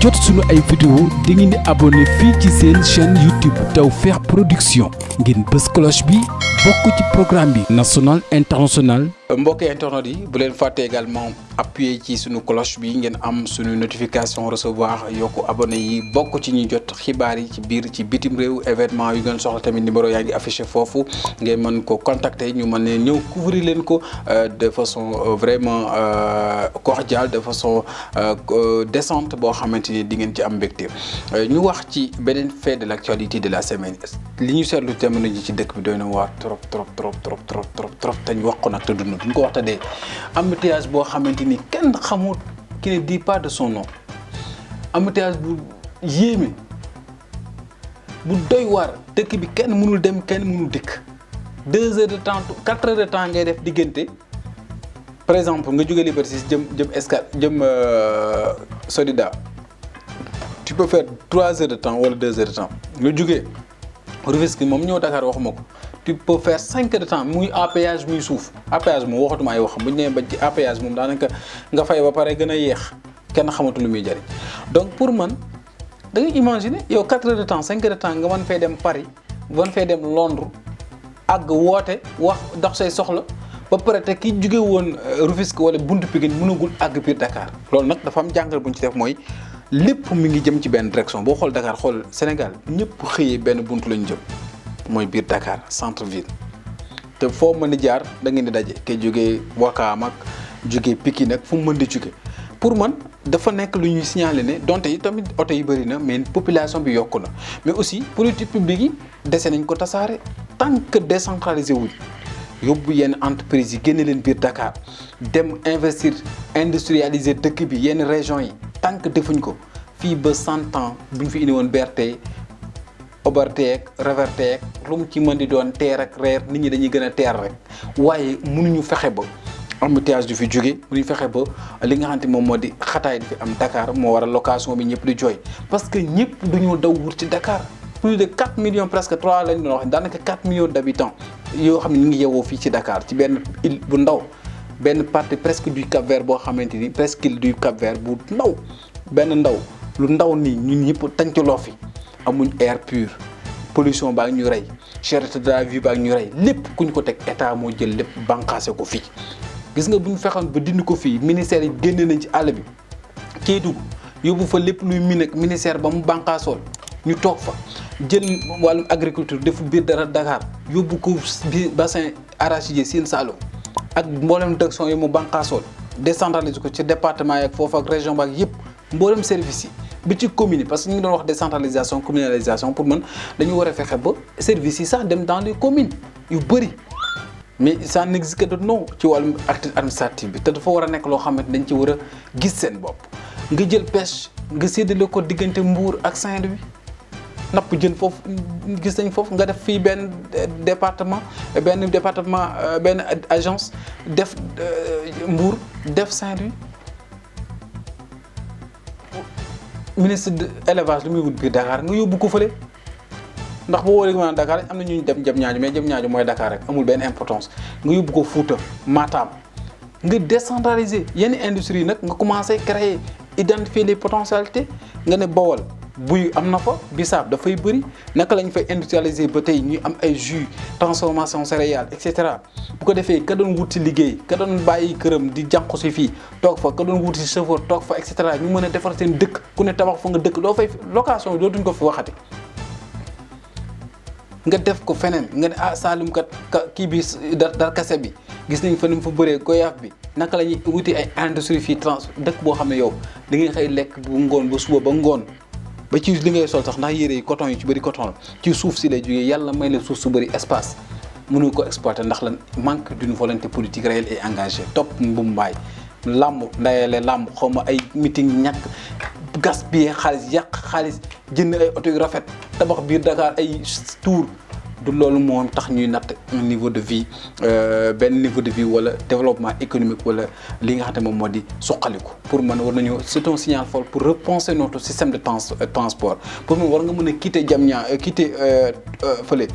jot suñu ay vidéo da ngeen di abonné fii ci seen chaîne YouTube Tawfekh Production ngeen bës cloche bi bokk ci programme bi national international mbokk internet yi bu leen fàtte également appuyer ci suñu cloche bi ngeen am suñu notification recevoir yokku abonné yi bokk ci ñuy jot xibaar yi ci biir ci bitim réew événement yu ngeen soxla tamit numéro yaa ngi affiché foofu ngeen mën ko contacter ñu man leen ñëw couvrir leen ko euh, de façon euh, vraiment euh, cordiale de façon décente boo xamante xamante di ngeen ci am mbégte euh, ñu wax ci beneen fait de l' actualité de la semaine li ñu seetlu jamono ji ci dëkk bi doy na waar trop trop trop trop trop trop trop te ñu wax ko nag te dund duñ ko wax te dee embouteillage boo xamante ni kenn xamul qui ne dit pas de son nom embouteillage bu yéeme bu doy waar dëkk bi kenn mënul dem kenn mënul dikk deux heures de temps quatre heures de temps ngay def diggante par exemple nga jóge Liberté jëm jëm Escale jëm euh, Sodida tu peux faire trois heures de temps wala deux heures de temps nga jugee Rufisque moom ñëw Dakar waxuma ko tu peux faire cinq heures de temps muy APH muy suuf APH moom waxatuma ay wax bu ñu nee ba ci APH moom daanaka nga fay ba pare gën a yeex kenn xamatu lu muy jëriñ donc pour man da nga imaginer yow quatre heures de temps cinq heures de temps nga mën fay dem Paris mën fay dem Londres àgg woote wax dox say soxla. ba pare te ki jóge woon euh, Rufisque wala buntu Pikine mënagul àgg biir Dakar loolu nag dafa am jàngal bu ñu ci mooy lépp mi ngi jëm ci benn direction boo xool Dakar xool Sénégal ñëpp xëyee benn bunt lañu jëm mooy biir Dakar centre ville te foo mën jaar da ngeen di daje ke jóge Wakaam ak jógee Pikine ak fu mu mën di jóge pour man dafa nekk lu ñuy signaler ne donte yi tamit oto yi bëri na mais population bi yokk na mais aussi politique publique yi dese nañ ko tasaare tant que décentralisé wuñ yóbbu yenn entreprise yi génne leen biir Dakar dem investir industrialiser dëkk bi yenn région yi tant que defuñ ko fii ba cent ans bu ñu fi indi woon BRT oberteeg reverteeg lu mu ci mën di doon teer ak reer nit ñi dañuy gën a teer rek waaye mënuñu fexe ba embouteillage du fi jóge mënuñu fexe ba li nga xamante moom moo di xataay di fi am Dakar moo war a location bi ñëpp di jooy parce que ñëpp duñu daw wut ci Dakar plus de 4 millions presque 3 lañ doon wax daanaka 4 millions d' yoo xam ne ñu ngi yewoo fii ci dakaar ci benn île bu ndaw benn partie presque du Cap Vert boo xamante ni presque du Cap Vert bu ndaw benn ndaw lu ndaw nii ñun ñëpp tàncaloo fi amuñ air pur pollution baa ñu rey cherté de la vie ñu rey lépp ku ñu ko teg état moo jël lépp banqaase ko fii. gis nga bu ñu fexoon ba dindi ko fii ministère yi génne nañ ci àll bi Kédougou yóbbu fa lépp luy mine ak ministère ba mu banqaasool ñu toog fa jël wàllum agriculture defu biir dara Dakar yóbbu ko biir bassin arachidier Sine Saloum. ak mboolem direction yi mu bànqaasool décentraliser ko ci département yi ak foofu ak région ba ak yëpp mboolem service yi bi ci commune parce que ñu ngi doon wax décentralisation communalisation pour man dañu war a fexe ba service yi sax dem dans les commune yu bëri mais ça n'existe que de nom ci wàllum activité administrative bi te dafa war a nekk loo xam ne dañ ci war a gis seen bopp nga jël pêche nga séddale ko diggante Mbour ak Saint-Louis napp jën foofu gis nañ foofu nga def fii benn euh, département benn département euh, benn agence def euh, Mbour def Saint-Louis ministre de élevage lu muy wut biir Dakar nga yóbbu ko fële ndax boo wóoree maanaam Dakar am na ñu dem jëm ñaaju mais jëm ñaaju mooy Dakar rek amul benn importance nga yóbbu ko Fouta Matam nga décentraliser yenn industrie yi nag nga commencé créer identifier les potentialités nga ne Bawol. buy am na fa bisaab dafay bëri naka lañ fa industrialiser ba tey ñuy am ay jus transformation céréale et cetera bu ko defee ka doon wuti liggéey ka doon bàyyi këram di jànq si fii toog fa ka doon wuti chauffeur toog fa et cetera ñu mën a defar seen dëkk ku ne tabax fa nga dëkk doo fay location dootuñ ko fi waxati. nga def ko feneen nga ne ah Saalum kat kii bi dar kase bi gis nañ fa ni mu fa bëree goyaaf bi naka la ñuy wuti ay industrie fii trans dëkk boo xam ne yow da ngay xëy lekk bu ngoon ba suba ba ngoon. ba ci li ngay sol sax ndax yére yi coton yi ci bëri coton la ci suuf si lay jógee yàlla may la suuf su bëri espace mënu ko exploiter ndax la manque d'une volonté politique réelle et engagée topp mbumbaay làmb ndayale làmb xawma ay meeting ñàkk gaspiller xaalis yàq xaalis jënd ay oto yu rafet tabax biir Dakar ay tour du loolu moo tax ñuy natt niveau de vie euh, benn niveau de vie wala développement économique wala li nga xam ne moom moo di suqaliku pour man war nañu c'est un signal fool pour repenser notre système de euh, transport pour man war nga mën a quitter Diamnia euh, quitter fële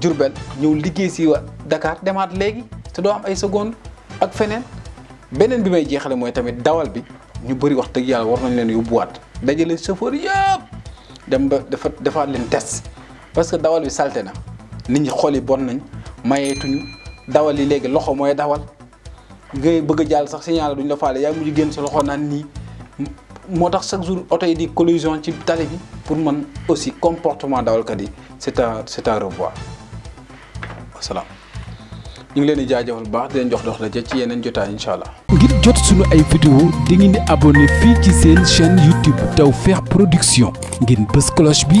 Diourbel ñëw liggéey si dakaar demaat léegi te doo am ay seconde ak feneen beneen bi may jeexale mooy tamit dawal bi ñu bëri wax dëgg yàlla war nañ leen yóbbuwaat dajale chauffeur yëpp dem ba dafa defaat leen test parce que dawal bi salte na nit ñi xool yi bon nañ mayeetuñu dawal yi léegi loxo mooy dawal ngay bëgg a jàll sax signal duñ la faale yaa mujj génn sa loxo naan nii moo tax chaque jour oto yi di collision ci tali bi pour man aussi comportement dawalkat yi c'est à c'est à revoir wasalaam ñu ngi leen di jaajëfal baax di leen jox dox daje ci yeneen jotaay incha allah. ngir jot suñu ay vidéo di ngeen di abonné fii ci seen chaîne YouTube feex Production ngeen bës cloche bi.